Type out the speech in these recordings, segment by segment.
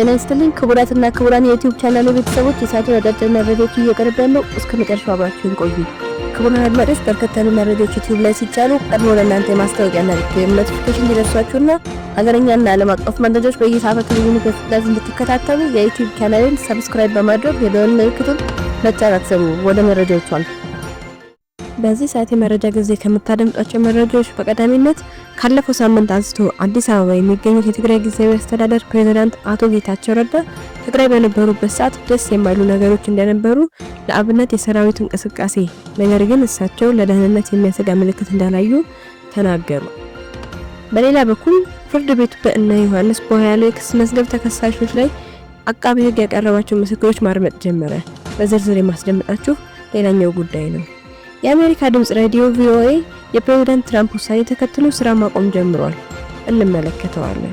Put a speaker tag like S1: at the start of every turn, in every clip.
S1: ጤና ይስጥልኝ ክቡራትና ክቡራን የዩቲዩብ ቻናል ቤተሰቦች የሳቱ አጫጭር መረጃዎች እየቀርብ ያለው እስከ መጨረሻው አብራችሁን ቆዩ። ክቡራን አድማጮች በርከት ያሉ መረጃዎች ዩቲዩብ ላይ ሲጫኑ ቀድሞ ለእናንተ የማስታወቂያና ኖቲፊኬሽን እንዲደርሷችሁና ሀገረኛና ዓለም አቀፍ መረጃዎች በየሰዓቱ ልዩነት በፍጥነት እንድትከታተሉ የዩቲዩብ ቻናልን ሰብስክራይብ በማድረግ የደወል ምልክቱን መጫን አትዘንጉ። ወደ መረጃዎቹ አልፍ በዚህ ሰዓት የመረጃ ጊዜ ከምታደምጧቸው መረጃዎች በቀዳሚነት ካለፈው ሳምንት አንስቶ አዲስ አበባ የሚገኙት የትግራይ ጊዜያዊ አስተዳደር ፕሬዝዳንት አቶ ጌታቸው ረዳ ትግራይ በነበሩበት ሰዓት ደስ የማይሉ ነገሮች እንደነበሩ ለአብነት የሰራዊት እንቅስቃሴ፣ ነገር ግን እሳቸው ለደህንነት የሚያሰጋ ምልክት እንዳላዩ ተናገሩ። በሌላ በኩል ፍርድ ቤቱ በእነ ዮሐንስ ቦያሎ የክስ መዝገብ ተከሳሾች ላይ አቃቢ ሕግ ያቀረባቸው ምስክሮች ማድመጥ ጀመረ። በዝርዝር የማስደምጣችሁ ሌላኛው ጉዳይ ነው። የአሜሪካ ድምጽ ሬዲዮ ቪኦኤ የፕሬዝዳንት ትራምፕ ውሳኔ ተከትሎ ስራ ማቆም ጀምሯል። እንመለከተዋለን።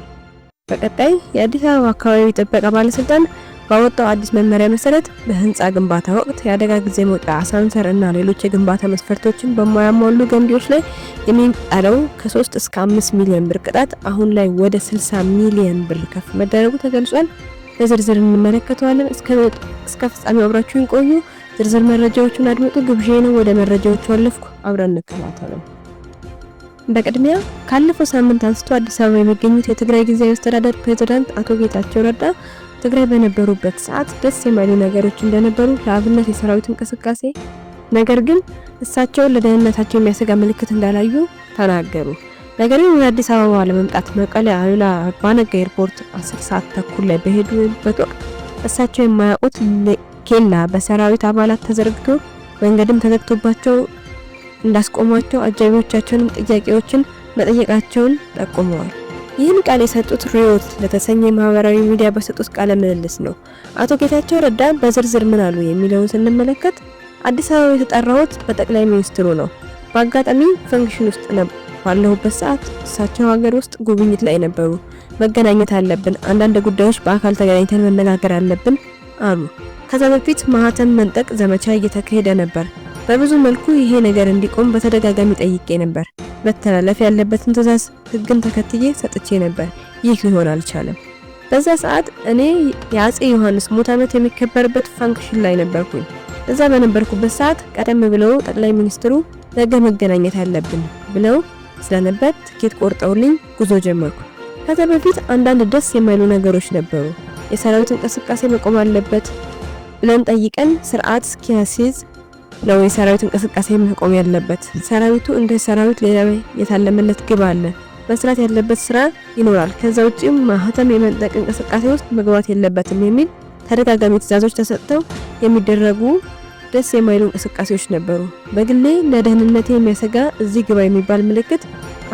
S1: በቀጣይ የአዲስ አበባ አካባቢ ጥበቃ ባለስልጣን ባወጣው አዲስ መመሪያ መሰረት በህንፃ ግንባታ ወቅት የአደጋ ጊዜ መውጫ አሳንሰር እና ሌሎች የግንባታ መስፈርቶችን በማያሟሉ ገንቢዎች ላይ የሚጣለው ከ3 እስከ 5 ሚሊዮን ብር ቅጣት አሁን ላይ ወደ 60 ሚሊዮን ብር ከፍ መደረጉ ተገልጿል። በዝርዝር እንመለከተዋለን። እስከ ፍጻሜው አብራችሁን ቆዩ። ዝርዝር መረጃዎቹን አድምጡ ግብዣ ነው። ወደ መረጃዎቹ አለፍኩ፣ አብረን እንከታተለው። በቅድሚያ ካለፈው ሳምንት አንስቶ አዲስ አበባ የሚገኙት የትግራይ ጊዜያዊ አስተዳደር ፕሬዝዳንት አቶ ጌታቸው ረዳ ትግራይ በነበሩበት ሰዓት ደስ የማይሉ ነገሮች እንደነበሩ ለአብነት የሰራዊት እንቅስቃሴ፣ ነገር ግን እሳቸውን ለደህንነታቸው የሚያሰጋ ምልክት እንዳላዩ ተናገሩ። ነገር ግን ወደ አዲስ አበባ ለመምጣት መቀለ አሉላ አባነጋ ኤርፖርት 10 ሰዓት ተኩል ላይ በሄዱበት ወቅት እሳቸው የማያውቁት ኬላ በሰራዊት አባላት ተዘርግቶ መንገድም ተዘግቶባቸው እንዳስቆሟቸው አጃቢዎቻቸውንም ጥያቄዎችን መጠየቃቸውን ጠቁመዋል። ይህን ቃል የሰጡት ሪዮት ለተሰኘ ማህበራዊ ሚዲያ በሰጡት ቃለ ምልልስ ነው። አቶ ጌታቸው ረዳ በዝርዝር ምን አሉ የሚለውን ስንመለከት አዲስ አበባ የተጠራሁት በጠቅላይ ሚኒስትሩ ነው። በአጋጣሚ ፈንክሽን ውስጥ ባለሁበት ሰዓት እሳቸው ሀገር ውስጥ ጉብኝት ላይ ነበሩ። መገናኘት አለብን። አንዳንድ ጉዳዮች በአካል ተገናኝተን መነጋገር አለብን አሉ። ከዛ በፊት ማህተም መንጠቅ ዘመቻ እየተካሄደ ነበር። በብዙ መልኩ ይሄ ነገር እንዲቆም በተደጋጋሚ ጠይቄ ነበር። መተላለፍ ያለበትን ትዕዛዝ፣ ህግን ተከትዬ ሰጥቼ ነበር። ይህ ሊሆን አልቻለም። በዛ ሰዓት እኔ የአፄ ዮሐንስ ሙት ዓመት የሚከበርበት ፋንክሽን ላይ ነበርኩኝ። እዛ በነበርኩበት ሰዓት ቀደም ብለው ጠቅላይ ሚኒስትሩ ነገ መገናኘት አለብን ብለው ስለነበር ትኬት ቆርጠውልኝ ጉዞ ጀመርኩ። ከዛ በፊት አንዳንድ ደስ የማይሉ ነገሮች ነበሩ። የሰራዊት እንቅስቃሴ መቆም አለበት ብለን ጠይቀን ስርዓት እስኪያስይዝ ነው የሰራዊት እንቅስቃሴ መቆም ያለበት። ሰራዊቱ እንደ ሰራዊት ሌላ የታለመለት ግብ አለ መስራት ያለበት ስራ ይኖራል። ከዛ ውጭም ማህተም የመንጠቅ እንቅስቃሴ ውስጥ መግባት የለበትም የሚል ተደጋጋሚ ትዕዛዞች ተሰጥተው የሚደረጉ ደስ የማይሉ እንቅስቃሴዎች ነበሩ። በግሌ ለደህንነት የሚያሰጋ እዚህ ግባ የሚባል ምልክት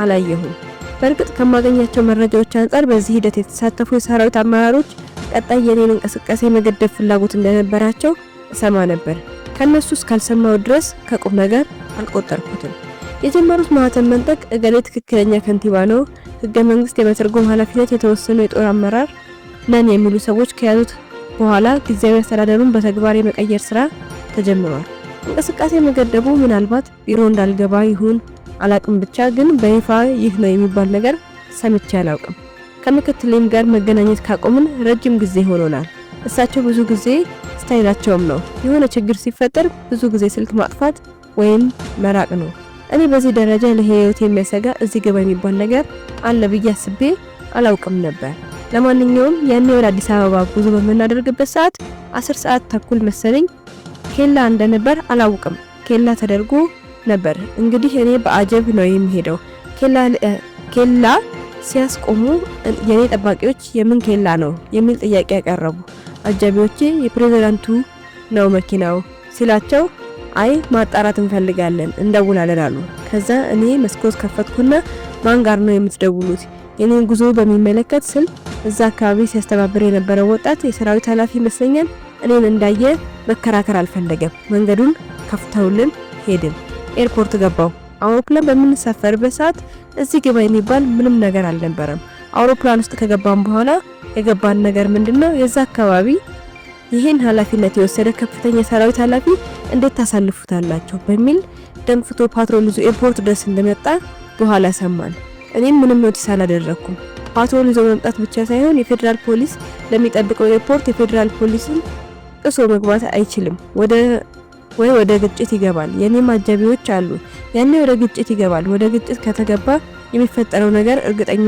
S1: አላየሁም። በእርግጥ ከማገኛቸው መረጃዎች አንጻር በዚህ ሂደት የተሳተፉ የሰራዊት አመራሮች ቀጣይ የኔን እንቅስቃሴ መገደብ ፍላጎት እንደነበራቸው ሰማ ነበር። ከነሱ እስካልሰማው ድረስ ከቁም ነገር አልቆጠርኩትም። የጀመሩት ማህተም መንጠቅ እገሌ ትክክለኛ ከንቲባ ነው፣ ህገ መንግስት የመተርጎም ኃላፊነት የተወሰኑ የጦር አመራር ነን የሚሉ ሰዎች ከያዙት በኋላ ጊዜያዊ አስተዳደሩን በተግባር የመቀየር ስራ ተጀምሯል። እንቅስቃሴ መገደቡ ምናልባት ቢሮ እንዳልገባ ይሁን አላቅም፣ ብቻ ግን በይፋ ይህ ነው የሚባል ነገር ሰምቼ አላውቅም። ከምክትሌም ጋር መገናኘት ካቆምን ረጅም ጊዜ ሆኖናል። እሳቸው ብዙ ጊዜ ስታይላቸውም ነው የሆነ ችግር ሲፈጠር ብዙ ጊዜ ስልክ ማጥፋት ወይም መራቅ ነው። እኔ በዚህ ደረጃ ለህይወት የሚያሰጋ እዚህ ገባ የሚባል ነገር አለ ብዬ አስቤ አላውቅም ነበር። ለማንኛውም ያኔ ወደ አዲስ አበባ ጉዞ በምናደርግበት ሰዓት አስር ሰዓት ተኩል መሰለኝ ኬላ እንደነበር አላውቅም። ኬላ ተደርጎ ነበር። እንግዲህ እኔ በአጀብ ነው የሚሄደው ኬላ ሲያስቆሙ የእኔ ጠባቂዎች የምን ኬላ ነው የሚል ጥያቄ ያቀረቡ። አጃቢዎቼ የፕሬዚዳንቱ ነው መኪናው ሲላቸው አይ ማጣራት እንፈልጋለን እንደውላለን አሉ። ከዛ እኔ መስኮት ከፈትኩና ማን ጋር ነው የምትደውሉት? የኔን ጉዞ በሚመለከት ስል እዛ አካባቢ ሲያስተባብር የነበረው ወጣት የሰራዊት ኃላፊ ይመስለኛል እኔን እንዳየ መከራከር አልፈለገም። መንገዱን ከፍተውልን ሄድን። ኤርፖርት ገባው። አውሮፕላን በምንሳፈርበት ሰዓት እዚህ ግባ የሚባል ምንም ነገር አልነበረም። አውሮፕላን ውስጥ ከገባን በኋላ የገባን ነገር ምንድነው? የዛ አካባቢ ይህን ኃላፊነት የወሰደ ከፍተኛ ሰራዊት ኃላፊ እንዴት ታሳልፉታላችሁ በሚል ደንፍቶ ፓትሮል ይዞ ኤርፖርት ድረስ እንደመጣ በኋላ ሰማን። እኔም ምንም ኖቲስ አላደረግኩም። ፓትሮል ይዞ መምጣት ብቻ ሳይሆን የፌዴራል ፖሊስ ለሚጠብቀው ኤርፖርት የፌዴራል ፖሊስን ጥሶ መግባት አይችልም። ወደ ወይ ወደ ግጭት ይገባል። የኔም አጃቢዎች አሉ። ያኔ ወደ ግጭት ይገባል። ወደ ግጭት ከተገባ የሚፈጠረው ነገር እርግጠኛ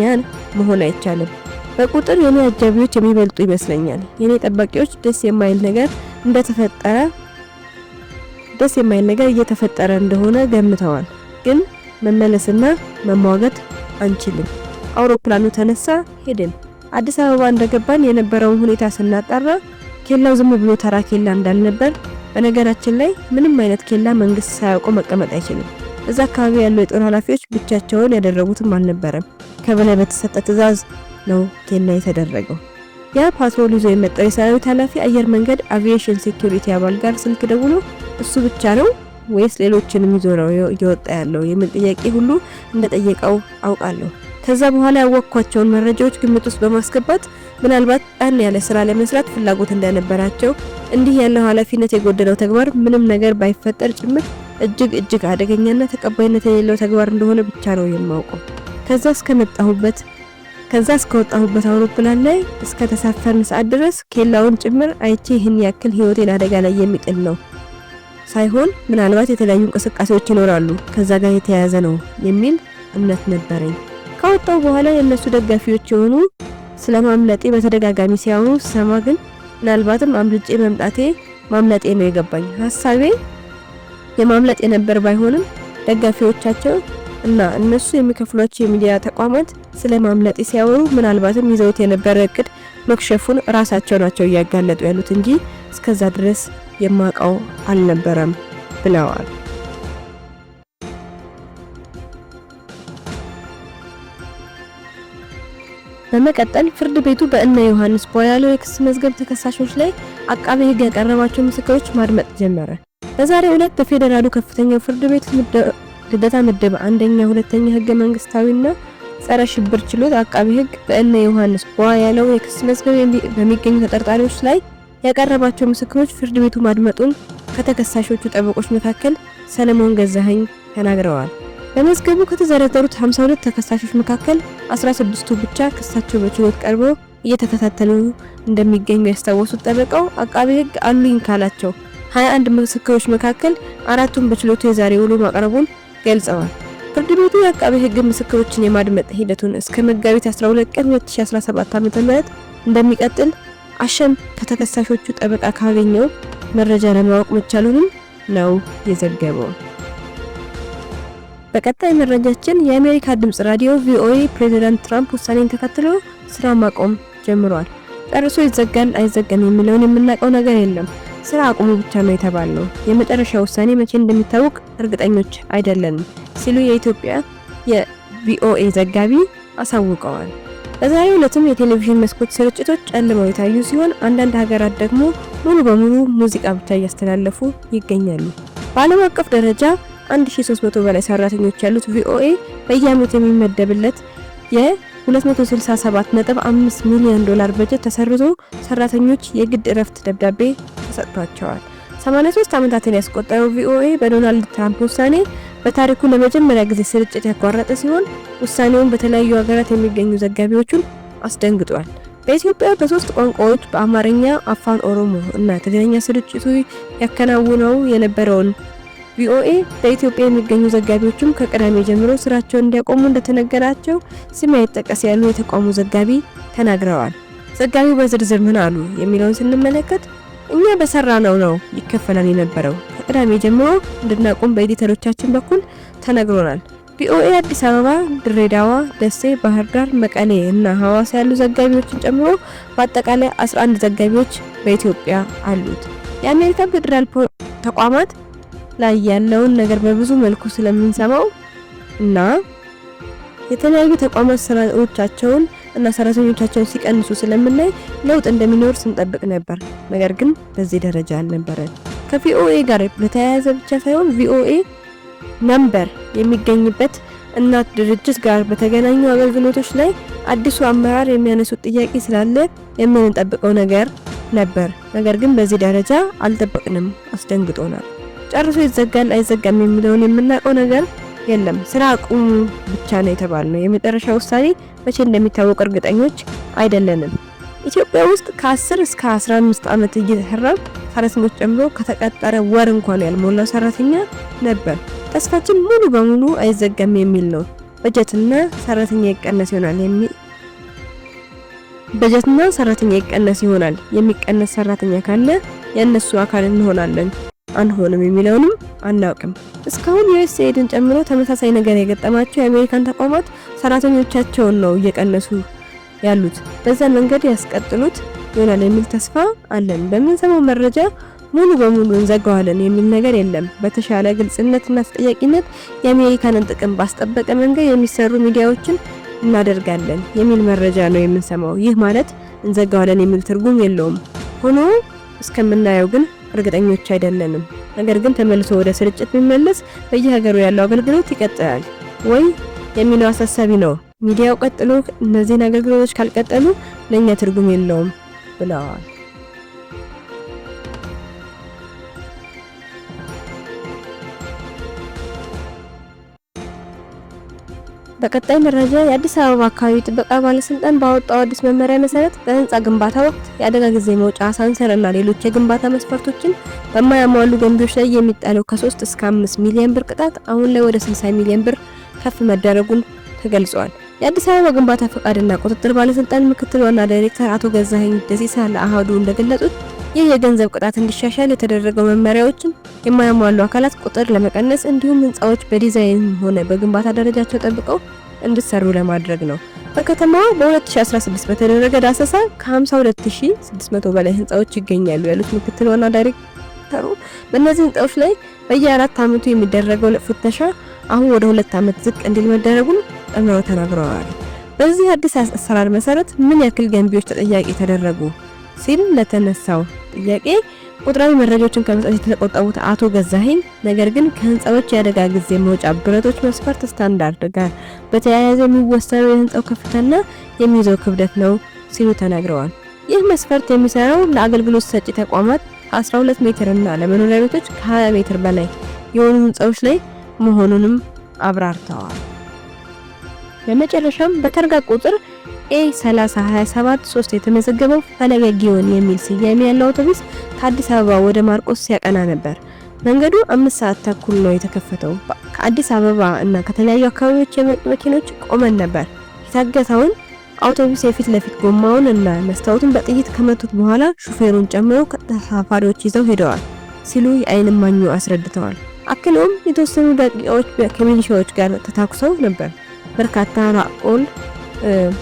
S1: መሆን አይቻልም። በቁጥር የኔ አጃቢዎች የሚበልጡ ይመስለኛል። የኔ ጠባቂዎች ደስ የማይል ነገር እንደተፈጠረ ደስ የማይል ነገር እየተፈጠረ እንደሆነ ገምተዋል። ግን መመለስና መሟገት አንችልም። አውሮፕላኑ ተነሳ፣ ሄድን። አዲስ አበባ እንደገባን የነበረውን ሁኔታ ስናጣራ ኬላው ዝም ብሎ ተራ ኬላ እንዳልነበር በነገራችን ላይ ምንም አይነት ኬላ መንግስት ሳያውቀው መቀመጥ አይችልም። እዛ አካባቢ ያሉ የጦር ኃላፊዎች ብቻቸውን ያደረጉትም አልነበረም። ከበላይ በተሰጠ ትዕዛዝ ነው ኬላ የተደረገው። ያ ፓትሮል ይዞ የመጣው የሰራዊት ኃላፊ አየር መንገድ አቪዬሽን ሴኩሪቲ አባል ጋር ስልክ ደውሎ እሱ ብቻ ነው ወይስ ሌሎችንም ይዞ ነው እየወጣ ያለው የሚል ጥያቄ ሁሉ እንደጠየቀው አውቃለሁ። ከዛ በኋላ ያወቅኳቸውን መረጃዎች ግምት ውስጥ በማስገባት ምናልባት ጣን ያለ ስራ ለመስራት ፍላጎት እንደነበራቸው እንዲህ ያለው ኃላፊነት የጎደለው ተግባር ምንም ነገር ባይፈጠር ጭምር እጅግ እጅግ አደገኛና ተቀባይነት የሌለው ተግባር እንደሆነ ብቻ ነው የማውቀው። ከዛ እስከመጣሁበት ከዛ እስከወጣሁበት አውሮፕላን ላይ እስከ ተሳፈርን ሰዓት ድረስ ኬላውን ጭምር አይቼ ይህን ያክል ህይወቴን አደጋ ላይ የሚጥል ነው ሳይሆን ምናልባት የተለያዩ እንቅስቃሴዎች ይኖራሉ ከዛ ጋር የተያያዘ ነው የሚል እምነት ነበረኝ። ከወጣው በኋላ የእነሱ ደጋፊዎች የሆኑ ስለ ማምለጤ በተደጋጋሚ ሲያወሩ ሰማ። ግን ምናልባትም አምልጬ መምጣቴ ማምለጤ ነው የገባኝ። ሀሳቤ የማምለጥ የነበር ባይሆንም ደጋፊዎቻቸው እና እነሱ የሚከፍሏቸው የሚዲያ ተቋማት ስለ ማምለጤ ሲያወሩ ምናልባትም ይዘውት የነበረ እቅድ መክሸፉን ራሳቸው ናቸው እያጋለጡ ያሉት እንጂ እስከዛ ድረስ የማውቀው አልነበረም ብለዋል። በመቀጠል ፍርድ ቤቱ በእነ ዮሐንስ ቧያለው የክስ መዝገብ ተከሳሾች ላይ አቃቤ ሕግ ያቀረባቸው ምስክሮች ማድመጥ ጀመረ። በዛሬው ዕለት በፌዴራሉ ከፍተኛው ፍርድ ቤት ልደታ ምድብ አንደኛ፣ ሁለተኛ ህገ መንግስታዊና ጸረ ሽብር ችሎት አቃቤ ሕግ በእነ ዮሐንስ ቧያለው የክስ መዝገብ በሚገኙ ተጠርጣሪዎች ላይ ያቀረባቸው ምስክሮች ፍርድ ቤቱ ማድመጡን ከተከሳሾቹ ጠበቆች መካከል ሰለሞን ገዛኸኝ ተናግረዋል። በመዝገቡ ከተዘረዘሩት 52 ተከሳሾች መካከል 16ቱ ብቻ ክሳቸው በችሎት ቀርቦ እየተከታተሉ እንደሚገኙ ያስታወሱት ጠበቃው አቃቤ ሕግ አሉኝ ካላቸው 21 ምስክሮች መካከል አራቱን በችሎቱ የዛሬ ውሎ ማቅረቡን ገልጸዋል። ፍርድ ቤቱ የአቃቤ ሕግ ምስክሮችን የማድመጥ ሂደቱን እስከ መጋቢት 12 ቀን 2017 ዓ.ም እንደሚቀጥል አሸን ከተከሳሾቹ ጠበቃ ካገኘው መረጃ ለማወቅ መቻሉንም ነው የዘገበው። በቀጣይ መረጃችን የአሜሪካ ድምጽ ራዲዮ ቪኦኤ ፕሬዚዳንት ትራምፕ ውሳኔን ተከትሎ ስራ ማቆም ጀምሯል። ጨርሶ ይዘጋል አይዘጋም የሚለውን የምናውቀው ነገር የለም። ስራ አቁሙ ብቻ ነው የተባለው። የመጨረሻ ውሳኔ መቼ እንደሚታወቅ እርግጠኞች አይደለንም ሲሉ የኢትዮጵያ የቪኦኤ ዘጋቢ አሳውቀዋል። በዛሬው ዕለትም የቴሌቪዥን መስኮት ስርጭቶች ጨልመው የታዩ ሲሆን አንዳንድ ሀገራት ደግሞ ሙሉ በሙሉ ሙዚቃ ብቻ እያስተላለፉ ይገኛሉ። በዓለም አቀፍ ደረጃ ከ1300 በላይ ሰራተኞች ያሉት ቪኦኤ በየአመቱ የሚመደብለት የ267.5 ሚሊዮን ዶላር በጀት ተሰርዞ ሰራተኞች የግድ እረፍት ደብዳቤ ተሰጥቷቸዋል። 83 ዓመታትን ያስቆጠረው ቪኦኤ በዶናልድ ትራምፕ ውሳኔ በታሪኩ ለመጀመሪያ ጊዜ ስርጭት ያቋረጠ ሲሆን ውሳኔውን በተለያዩ ሀገራት የሚገኙ ዘጋቢዎቹን አስደንግጧል። በኢትዮጵያ በሶስት ቋንቋዎች በአማርኛ፣ አፋን ኦሮሞ እና ትግርኛ ስርጭቱ ያከናውነው የነበረውን ቪኦኤ በኢትዮጵያ የሚገኙ ዘጋቢዎችም ከቅዳሜ ጀምሮ ስራቸውን እንዲያቆሙ እንደተነገራቸው ስም አይጠቀስ ያሉ የተቋሙ ዘጋቢ ተናግረዋል። ዘጋቢው በዝርዝር ምን አሉ የሚለውን ስንመለከት እኛ በሰራ ነው ነው ይከፈላል የነበረው ከቅዳሜ ጀምሮ እንድናቆም በኤዲተሮቻችን በኩል ተነግሮናል። ቪኦኤ አዲስ አበባ፣ ድሬዳዋ፣ ደሴ፣ ባህር ዳር፣ መቀሌ እና ሐዋሳ ያሉ ዘጋቢዎችን ጨምሮ በአጠቃላይ 11 ዘጋቢዎች በኢትዮጵያ አሉት። የአሜሪካ ፌዴራል ተቋማት ላይ ያለውን ነገር በብዙ መልኩ ስለምንሰማው እና የተለያዩ ተቋማት ስራዎቻቸውን እና ሰራተኞቻቸውን ሲቀንሱ ስለምናይ ለውጥ እንደሚኖር ስንጠብቅ ነበር። ነገር ግን በዚህ ደረጃ አልነበረን። ከቪኦኤ ጋር በተያያዘ ብቻ ሳይሆን ቪኦኤ ነምበር የሚገኝበት እናት ድርጅት ጋር በተገናኙ አገልግሎቶች ላይ አዲሱ አመራር የሚያነሱት ጥያቄ ስላለ የምንጠብቀው ነገር ነበር። ነገር ግን በዚህ ደረጃ አልጠበቅንም። አስደንግጦናል። ጨርሶ ይዘጋል አይዘጋም የሚለውን የምናውቀው ነገር የለም። ስራ አቁሙ ብቻ ነው የተባልነው። የመጨረሻ ውሳኔ መቼ እንደሚታወቅ እርግጠኞች አይደለንም። ኢትዮጵያ ውስጥ ከ10 እስከ 15 ዓመት እየተሰራ ፈረሰኞች ጨምሮ ከተቀጠረ ወር እንኳን ያልሞላ ሰራተኛ ነበር። ተስፋችን ሙሉ በሙሉ አይዘጋም የሚል ነው። በጀትና ሰራተኛ ይቀነስ ይሆናል የሚል በጀትና ሰራተኛ ይቀነስ ይሆናል። የሚቀነስ ሰራተኛ ካለ የእነሱ አካል እንሆናለን። አንሆንም የሚለውንም አናውቅም። እስካሁን ዩኤስኤድን ጨምሮ ተመሳሳይ ነገር የገጠማቸው የአሜሪካን ተቋማት ሰራተኞቻቸውን ነው እየቀነሱ ያሉት። በዛን መንገድ ያስቀጥሉት ይሆናል የሚል ተስፋ አለን። በምንሰማው መረጃ ሙሉ በሙሉ እንዘጋዋለን የሚል ነገር የለም። በተሻለ ግልጽነትና ተጠያቂነት የአሜሪካንን ጥቅም ባስጠበቀ መንገድ የሚሰሩ ሚዲያዎችን እናደርጋለን የሚል መረጃ ነው የምንሰማው። ይህ ማለት እንዘጋዋለን የሚል ትርጉም የለውም። ሆኖ እስከምናየው ግን እርግጠኞች አይደለንም። ነገር ግን ተመልሶ ወደ ስርጭት ቢመለስ በየሀገሩ ያለው አገልግሎት ይቀጥላል ወይ የሚለው አሳሳቢ ነው። ሚዲያው ቀጥሎ እነዚህን አገልግሎቶች ካልቀጠሉ ለእኛ ትርጉም የለውም ብለዋል። በቀጣይ መረጃ የአዲስ አበባ አካባቢ ጥበቃ ባለስልጣን ባወጣው አዲስ መመሪያ መሰረት በህንፃ ግንባታ ወቅት የአደጋ ጊዜ መውጫ አሳንሰር እና ሌሎች የግንባታ መስፈርቶችን በማያሟሉ ገንቢዎች ላይ የሚጣለው ከ3 እስከ 5 ሚሊዮን ብር ቅጣት አሁን ላይ ወደ 60 ሚሊዮን ብር ከፍ መደረጉን ተገልጿል። የአዲስ አበባ ግንባታ ፈቃድና ቁጥጥር ባለስልጣን ምክትል ዋና ዳይሬክተር አቶ ገዛኸኝ ደሴሳ ለአሃዱ እንደገለጹት ይህ የገንዘብ ቅጣት እንዲሻሻል የተደረገው መመሪያዎችም የማያሟሉ አካላት ቁጥር ለመቀነስ እንዲሁም ህንፃዎች በዲዛይን ሆነ በግንባታ ደረጃቸው ጠብቀው እንዲሰሩ ለማድረግ ነው። በከተማዋ በ2016 በተደረገ ዳሰሳ ከ52600 በላይ ህንፃዎች ይገኛሉ ያሉት ምክትል ዋና ዳይሬክተሩ በእነዚህ ህንፃዎች ላይ በየአራት ዓመቱ የሚደረገው ፍተሻ አሁን ወደ ሁለት ዓመት ዝቅ እንዲል መደረጉን ጨምረው ተናግረዋል። በዚህ አዲስ አሰራር መሰረት ምን ያክል ገንቢዎች ተጠያቂ ተደረጉ ሲል ለተነሳው ጥያቄ ቁጥራዊ መረጃዎችን ከመስጠት የተቆጠቡት አቶ ገዛኸኝ ነገር ግን ከህንፃዎች የአደጋ ጊዜ መውጫ ብረቶች መስፈርት ስታንዳርድ ጋር በተያያዘ የሚወሰነው የህንፃው ከፍታና የሚይዘው ክብደት ነው ሲሉ ተናግረዋል። ይህ መስፈርት የሚሰራው ለአገልግሎት ሰጪ ተቋማት 12 ሜትር እና ለመኖሪያ ቤቶች ከ20 ሜትር በላይ የሆኑ ህንፃዎች ላይ መሆኑንም አብራርተዋል። በመጨረሻም በተርጋ ቁጥር ኤ 3027 3 የተመዘገበው ፈለገ ጊዮን የሚል ስያሜ ያለው አውቶቡስ ከአዲስ አበባ ወደ ማርቆስ ሲያቀና ነበር። መንገዱ አምስት ሰዓት ተኩል ነው የተከፈተው። ከአዲስ አበባ እና ከተለያዩ አካባቢዎች የመጡ መኪኖች ቆመን ነበር። የታገተውን አውቶቡስ የፊት ለፊት ጎማውን እና መስታወቱን በጥይት ከመቱት በኋላ ሹፌሩን ጨምሮ ተሳፋሪዎች ይዘው ሄደዋል ሲሉ የአይን እማኙ አስረድተዋል። አክለውም የተወሰኑ ደቂቃዎች ከሚሊሻዎች ጋር ተታኩሰው ነበር። በርካታ ራቆል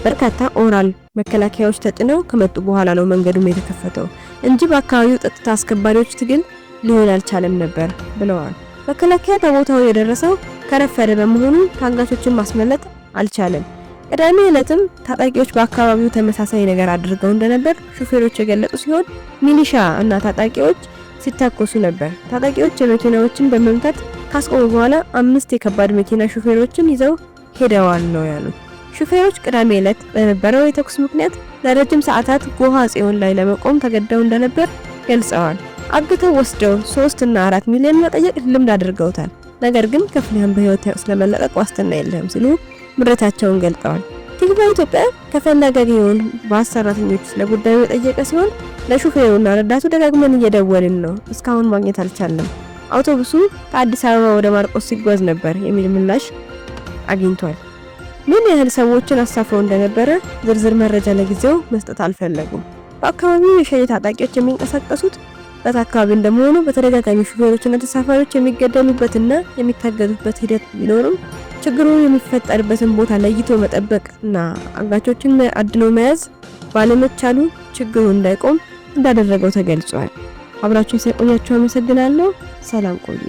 S1: በርካታ ኦራል መከላከያዎች ተጭነው ከመጡ በኋላ ነው መንገዱም የተከፈተው እንጂ በአካባቢው ጸጥታ አስከባሪዎች ትግል ሊሆን አልቻለም ነበር ብለዋል። መከላከያ በቦታው የደረሰው ከረፈደ በመሆኑ ታጋቾችን ማስመለጥ አልቻለም። ቅዳሜ ዕለትም ታጣቂዎች በአካባቢው ተመሳሳይ ነገር አድርገው እንደነበር ሹፌሮች የገለጹ ሲሆን ሚሊሻ እና ታጣቂዎች ሲታኮሱ ነበር። ታጣቂዎች የመኪናዎችን በመምታት ካስቆሙ በኋላ አምስት የከባድ መኪና ሹፌሮችን ይዘው ሄደዋል ነው ያሉት። ሹፌሮች ቅዳሜ ዕለት በነበረው የተኩስ ምክንያት ለረጅም ሰዓታት ጎሃ ጽዮን ላይ ለመቆም ተገደው እንደነበር ገልጸዋል። አግተው ወስደው 3 እና 4 ሚሊዮን መጠየቅ ልምድ አድርገውታል። ነገር ግን ከፍልህም በህይወት ስለመለቀቅ ዋስትና የለም ሲሉ ምሬታቸውን ገልጠዋል። ቲክቫ ኢትዮጵያ ከፈለገ ጊዮን ባስ ሰራተኞች ለጉዳዩ የጠየቀ ሲሆን ለሹፌሩና ረዳቱ ደጋግመን እየደወልን ነው፣ እስካሁን ማግኘት አልቻለም፣ አውቶቡሱ ከአዲስ አበባ ወደ ማርቆስ ሲጓዝ ነበር የሚል ምላሽ አግኝቷል። ምን ያህል ሰዎችን አሳፍረው እንደነበረ ዝርዝር መረጃ ለጊዜው መስጠት አልፈለጉም። በአካባቢው የሸኔ ታጣቂዎች የሚንቀሳቀሱት በት አካባቢ እንደመሆኑ በተደጋጋሚ ሹፌሮችና ተሳፋሪዎች የሚገደሉበትና የሚታገዱበት ሂደት ቢኖርም ችግሩ የሚፈጠርበትን ቦታ ለይቶ መጠበቅ እና አጋቾችን አድኖ መያዝ ባለመቻሉ ችግሩ እንዳይቆም እንዳደረገው ተገልጿል። አብራችሁን ስለቆያችሁ አመሰግናለሁ። ሰላም ቆዩ።